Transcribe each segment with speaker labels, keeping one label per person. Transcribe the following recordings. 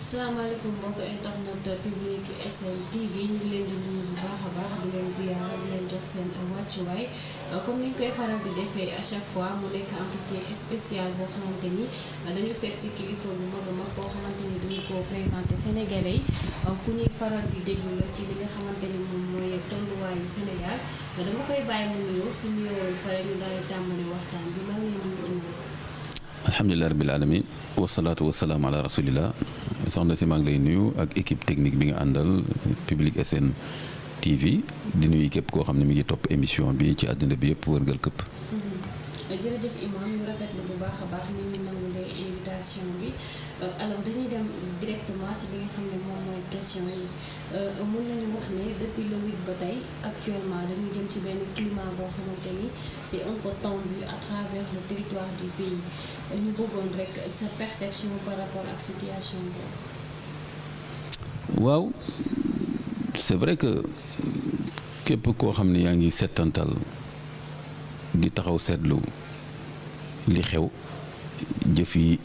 Speaker 1: salaamaaleykum mbokk internet public SN TV ñu leen di nuyu bu baax a leen ziyaara di leen jox seen wàccuwaay comme ni ñu koy faral di defee à chaque fois mu nekk entretien spécial boo bu mag a mag boo xamante ni dañu ko présenté Sénégalais yi ku ñuy faral di déglu la ci li nga xamante ni moom mooy tolluwaayu Sénégal dama koy bàyyi mu nuyoo su nuyoo pare ñu daal di waxtaan bi maa ngi leen di nuyu.
Speaker 2: alhamdulilah rabbil alamin wasalaatu wasalaam soxna si maa ngi lay nuyu ak équipe technique bi nga àndal Public SN TV di nuyu képp koo xam ne mi ngi topp émission bi ci àddina bi yëpp wërgal këpp. Mm-hmm.
Speaker 1: Euh, alors dañuy dem directement ci li nga xam ne moom mooy question yi euh, mun nañu wax ne depuis le huit ba tey actuellement dañuy jëm ci benn climat boo xamante ni c'est un peu tendu à travers le territoire du pays ñu bëggoon rek sa perception par rapport ak situation boobu.
Speaker 2: waaw c'est vrai que képp koo xam ne yaa ngi settantal di taxaw seetlu li xew jëf yi.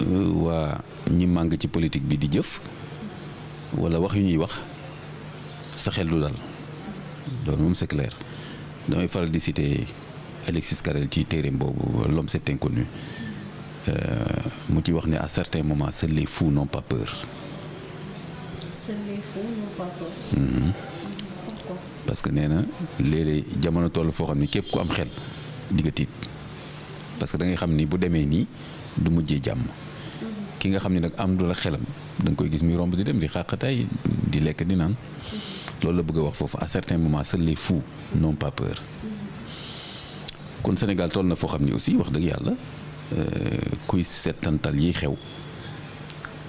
Speaker 2: Euh, waa ñi mang ci politique bi di jëf wala wax yu ñuy wax sa xel du dal loolu moom c'est clair damay faral di citer Alexis Carrel ci téereem l'homme c'est inconnu euh, mu ci wax ne à certains moments c'est les fous n'ont pas peur.
Speaker 1: seuls les fous n'ont pas peur.
Speaker 2: Mhm. parce que néna les, léeg-léeg jamono toll foo xam képp ku am xel di parce que da ngay xam bu démé ni du mujjé jamm ki nga xam ne nag am du la xelam danga koy gis muy romb di dem di tey di lekk di naan loolu la bëgg a wax foofu à certains moment seuls les fous n'ont pas peur kon Sénégal toll na foo xam ne aussi wax dëgg yàlla euh, kuy seetantal yiy xew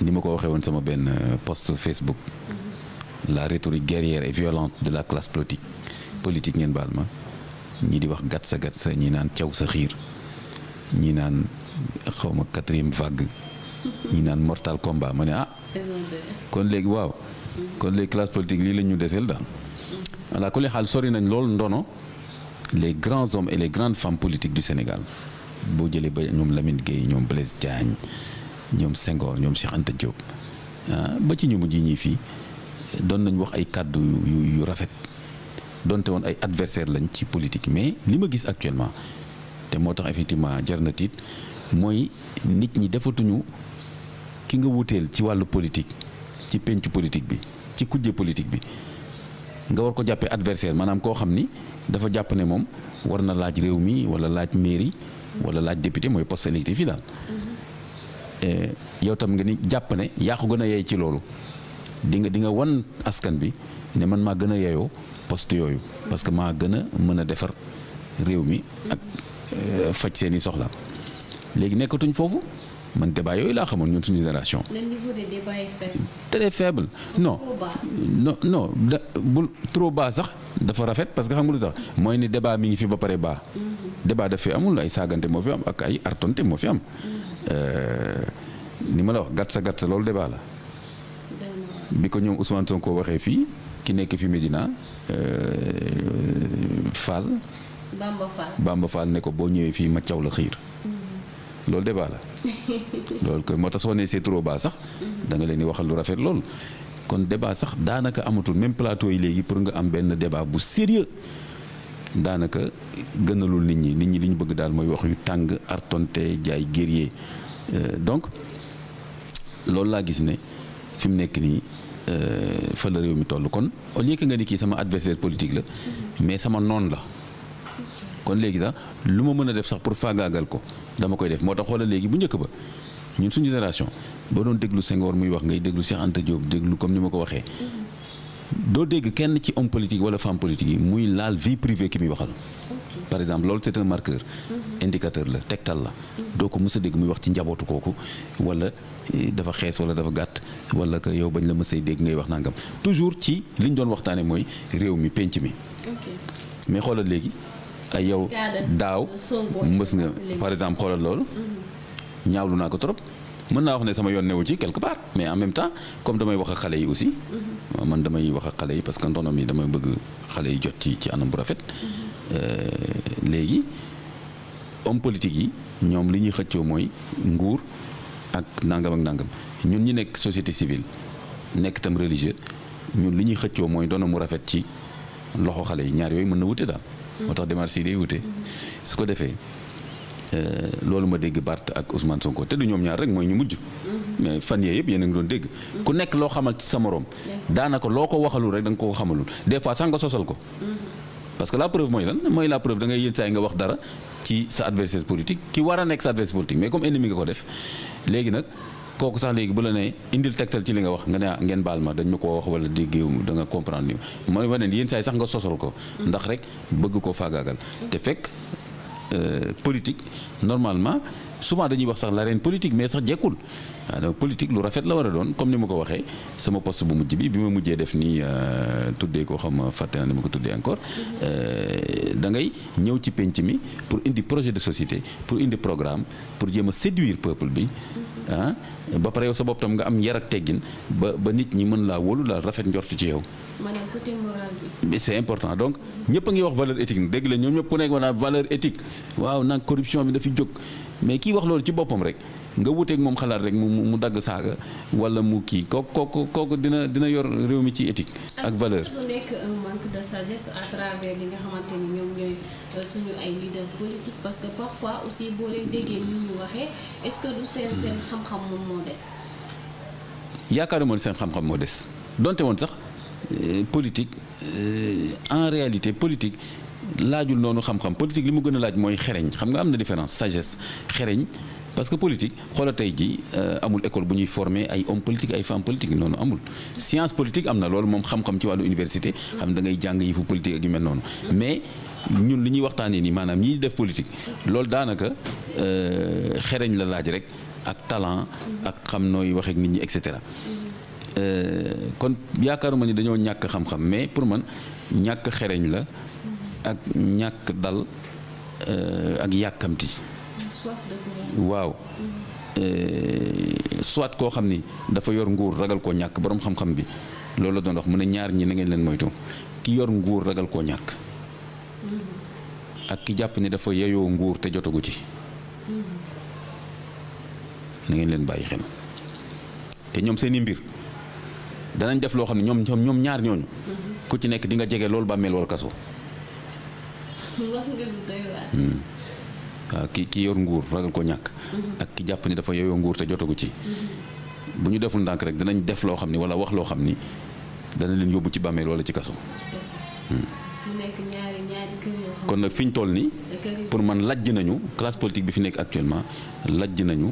Speaker 2: ni ma ko waxee woon sama benn euh, post Facebook mm-hmm. la rhétorique guerrière et violente de la classe politique politique ngeen baal ma ñi di wax gat sa gat sa ñi naan caw sa xiir ñi naan xawma quatrième vague ñi mortal combat ma ne ah. kon léegi waaw. kon classe politique sori les grands hommes et les grandes femmes politiques du Sénégal boo jëlee ba ñoom Lamine Gueye ñoom Blaise Diagne ñoom Senghor ñoom Cheikh Anta Diop ah, ba ci ñu mujj ñii fii doon nañ wax ay yu adversaire politique mais li ma gis actuellement te moo effectivement jar na nit ñi ki nga wuteel ci wàllu politique ci penc politique bi ci kujje politique bi nga war ko jàppee adversaire maanaam koo xam ni dafa jàpp ne moom war na laaj réew mi wala laaj mairie wala laaj député mooy poste électif yi daal mm-hmm. eh, yow tam nga ni jàpp ne yaa ko gën a yey ci loolu di nga di nga wan askan bi ne man maa gën a yeyoo poste yooyu parce que maa gën a mën a defar réew mi ak eh, faj seeni soxla léegi nekkatuñ foofu man débat yooyu laa xamoon ñun suñu génération.
Speaker 1: faible.
Speaker 2: très faible trop bas sax dafa rafet parce que xam nga lu tax mooy ni débat mi ngi fi ba pare baa. Mhm. débat daf fi amul ay saagante moo fi am ak ay artonte moo fi am. Mhm. Euh, ni ma la wax gàtt sa gàtt sa loolu débat la. bi ko ñoom Ousmane Sonko waxee fii ki nekk fi Medina euh, Fall.
Speaker 1: Bamba Fall Bamba
Speaker 2: Fall ne ko boo ñëwee fii ma caw la xiir. loolu débat la loolu koy moo tax soo nee c'est trop sax danga leen di waxal lu rafet loolu kon débat sax daanaka amatul même plateau yi léegi pour nga am benn débat bu sérieux daanaka gënalul nit ñi nit ñi li ñu bëgg daal mooy wax yu tàng artonte jaay guerrier euh, donc loolu laa gis ne fi mu nekk nii euh, fa la réew mi toll kon au lieu nga ni kii sama adversaire politique la mm-hmm. mais sama noon la kon léegi sax lu ma mën a def sax pour faagaagal ko dama koy def moo tax xoolal léegi bu njëkk ba ñu suñu génération boo doon déglu Senghor muy wax ngay déglu Cheikh Anta Diop déglu comme ni ma ko waxee. doo dégg kenn ci homme politique wala femme politique yi muy laal vie privée ki muy waxal. par exemple loolu c'est un marqueur. Mm-hmm. indicateur la tegtal la. Mm-hmm. doo ko mës a dégg muy wax ci njabootu kooku wala eh, dafa xees wala dafa gàtt wala que yow bañ la mës a dégg ngay wax naa nangam toujours ci li ñu doon waxtaanee mooy réew mi penc mi. mais xoolal léegi ay yow daaw mbës nga par exemple xoolal loolu ñaawlu naa ko trop mën naa wax ne sama yoon newu ci quelque part mais en même temps comme damay wax ak xale yi aussi mhm. man damay wax ak xale yi parce que ndono mi damay bëgg xale yi jot ci ci anam bu rafet mhm. euh, léegi homme politique yi ñoom li ñuy xëccoo mooy nguur ak nangam ak nangam ñun ñu nekk société civile nekk tam religieux ñun li ñuy xëccoo mooy doona mu rafet ci loxo xale yi ñaar yooyu mën na wute daal moo tax démarche yi day wute su ko defee euh, loolu ma dégg Bart ak Ousmane Sonko te du ñoom ñaar rek mooy ñu mujj. mais fan yee yëpp yéen a ngi doon dégg. ku nekk loo xamal ci sa morom. daanaka loo ko waxalul rek danga nga koo xamalul des fois sax nga sosal ko. Mm-hmm. parce que la preuve mooy lan mooy la preuve da ngay yéen saa yi nga wax dara ci sa adversaire politique ki war a nekk sa adversaire politique mais comme ennemi nga ko def léegi nag. kooku sax léegi bu la ne indil tegtal ci li nga wax nga ne ah ngeen baal ma dañ ma koo wax wala déggéew da nga comprendre ni mooy wane yéen saay sax nga sosal ko ndax rek bëgg koo faagaagal te fekk euh, politique normalement souvent dañuy wax sax l'arène politique mais sax jekkul waaw ah, politique lu rafet la war a doon comme ni ma ko waxee sama post bu mujj bi bi ma mujjee def nii euh, tuddee ko xam fàtte naa ni ma ko tuddee encore euh, da ngay ñëw ci penc mi pour indi projet de société pour indi programme pour jéem a séduire peuple bi ah ba pare yow sa bopp tam nga am yar ak teggin ba ba nit ñi mën laa wóolu daal rafet njortu ci yow.
Speaker 1: maanaam côté moral
Speaker 2: c'est important donc ñëpp a ngi wax valeur éthique dégg la ñoom ñëpp ku nekk maanaam valeur éthique waaw nag corruption bi dafi jóg. mais kii wax loolu ci boppam rek nga wuteek moom xalaat rek mu mu dagg saaga wala mu kii kooku kooku kooku dina dina yor réew mi ci éthique. ak valeur
Speaker 1: ak xamante ni ñoom ñooy euh, suñu ay leader politique parce que parfois aussi boo leen déggee ni ñu waxee est-ce que du seen seen xam-xam moom moo des.
Speaker 2: yaakaaruma seen xam-xam moo des donte woon sax euh, politique euh, en réalité politique. laajul noonu xam-xam politique li mu gën a laaj mooy xereñ xam nga am na différence sagesse xereñ parce que politique xoola tey ji euh, amul école bu ñuy former ay homme politique ay femme politique noonu amul science politique am na loolu moom xam-xam ci wàllu université xam da ngay jàng yifu politique ak yu mel noonu mais ñun li ñuy waxtaanee nii maanaam ñi def politique loolu daanaka euh, xereñ la laaj rek ak talent ak xam nooy waxee nit ñi et cetera euh, kon yaakaaruma ni dañoo ñàkk xam-xam mais pour man ñàkk xereñ la ak ñàkk dal euh, ak yàkkamti waaw euh, soit koo xam ni dafa yor nguur ragal koo ñàkk boroom xam-xam bi loolu la doon wax mu ne ñaar ñi na ngeen leen moytu ki yor nguur ragal koo ñàkk ak ki jàpp ni dafa yeyoo nguur te jotagu ci na leen bàyyi xel te ñoom seeni mbir danañ def loo xam ne ñoom ñoom ñaar ñooñu ku ci nekk di nga jege loolu bàmmeel wala kaso wax nga lu ki ki yor nguur ragal ko ñàkk. Mm-hmm. ak ki jàpp ni dafa yooyoo nguur te jotagu ci. Mm-hmm. bu ñu deful ndànk rek dinañ def loo xam ni wala wax loo xam ni dana leen yóbbu ci bàmmeel wala ci kaso. Hmm. kon nag fi ñu toll nii. pour man lajj nañu classe politique bi fi nekk actuellement lajj nañu.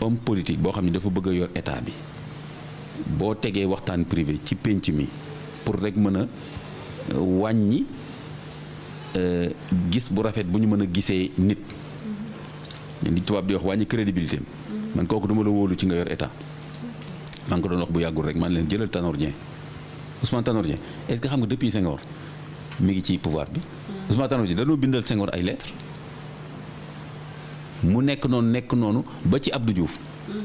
Speaker 2: homme politique boo xam ne dafa bëgg yor état bi boo tegee waxtaan privé ci pénc mi pour rek mën a euh, wàññi euh, gis bu rafet bu ñu mën a gisee nit li tubaab di wax wàññi crédibilité man kooku duma la wóolu ci nga yor état maa ko doon wax bu yàggul rek man leen jëlal Tanor Dieng Ousmane Tanor Dieng est-ce que xam nga depuis Senghor mi ngi ci pouvoir bi Ousmane Tanor Dieng danoo bindal Senghor ay lettres mu nekk noonu nekk noonu ba ci abdu Diouf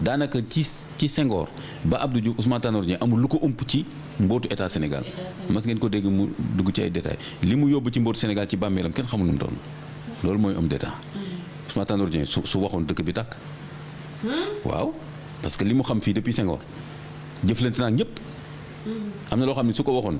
Speaker 2: daanaka ci ci sengoor ba abdu Diouf Ousmane Tanor Dieng amul lu ko ëmp ci mbootu état Sénégal mas ngeen ko dégg mu dugg ci ay détails li mu yóbbu ci mbootu Sénégal ci bàmmeelam kenn xamul nu mu doon loolu mooy am d'état mm. Ousmane Tanor Dieng su waxoon dëkk bi tàkk hmm? waaw parce que li mu xam fii depuis Senghor jëflante naa ñëpp mm. am na loo xam ne su ko waxoon